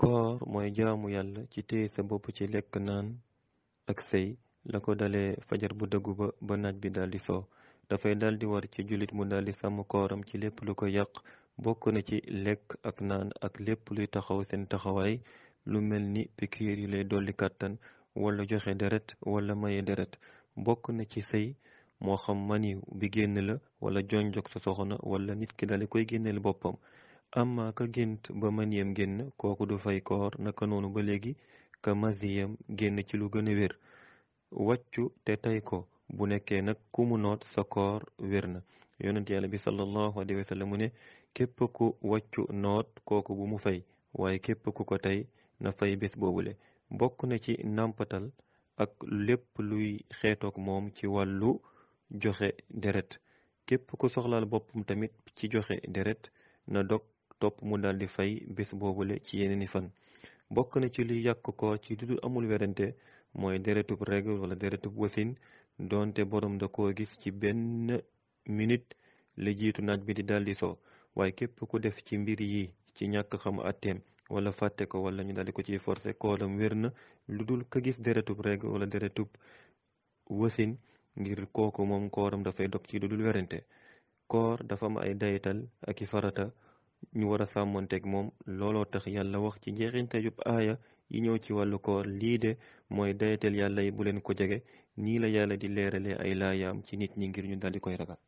koor mooy jaamu yàlla ci téye sa bopp ci lekk naan ak sëy la ko dalee fajar bu dëggu ba ba naaj bi daal di soo dafay dal di war ci jullit mu daal di sàmm kooram ci lépp lu ko yàq bokk na ci lekk ak naan ak lépp luy taxaw seen taxawaay lu mel ni pikiir yi lay dolli kàttan wala joxe deret wala maye deret bokk na ci sëy moo xam maniw bi génn la wala jog sa soxna wala nit ki daal di koy génneel boppam amma ka gént ba man maniyam génn kooku du fay koor naka noonu ba léegi ka masiyam génn ci lu gën a wér wàccu te tey ko bu nekkee nag ku mu noot sa koor wér na yonent yàlla bi sallallahu alayhi wa mu ne képp ku wàccu noot kooku bu mu fay waaye képp ku ko tey na fay bés boobule bokk na ci nàmpatal ak lépp luy xeetoog moom ci wàllu joxe deret képp ku soxlaal boppam tamit ci joxe deret na dog topp mu daal di fay bés boobu boobule ci yeneeni fan bokk na ci luy yàq koor ci dudul amul werante mooy deretub règle wala deretub wasin doonte borom da koo gis ci benn minute la jiitu naaj bi di daal di so waaye képp ku def ci mbir yi ci ñàkk xam atteem wala fàtte ko wala ñu daal di ko ci forcé kooram wér na lu dul ka gis deretub règle wala deretub wasin ngir kooku moom kooram dafay dog ci dul werante koor dafa am ay dayital ak farata ñu war a sàmmonteeg moom looloo tax yàlla wax ci njeexinte yub aaya yi ñëw ci wàllu koor lii de mooy dayateel yàlla yi bu leen ko jege nii la yàlla di leeralee ay laayaam ci nit ñi ngir ñu daldi koy ragal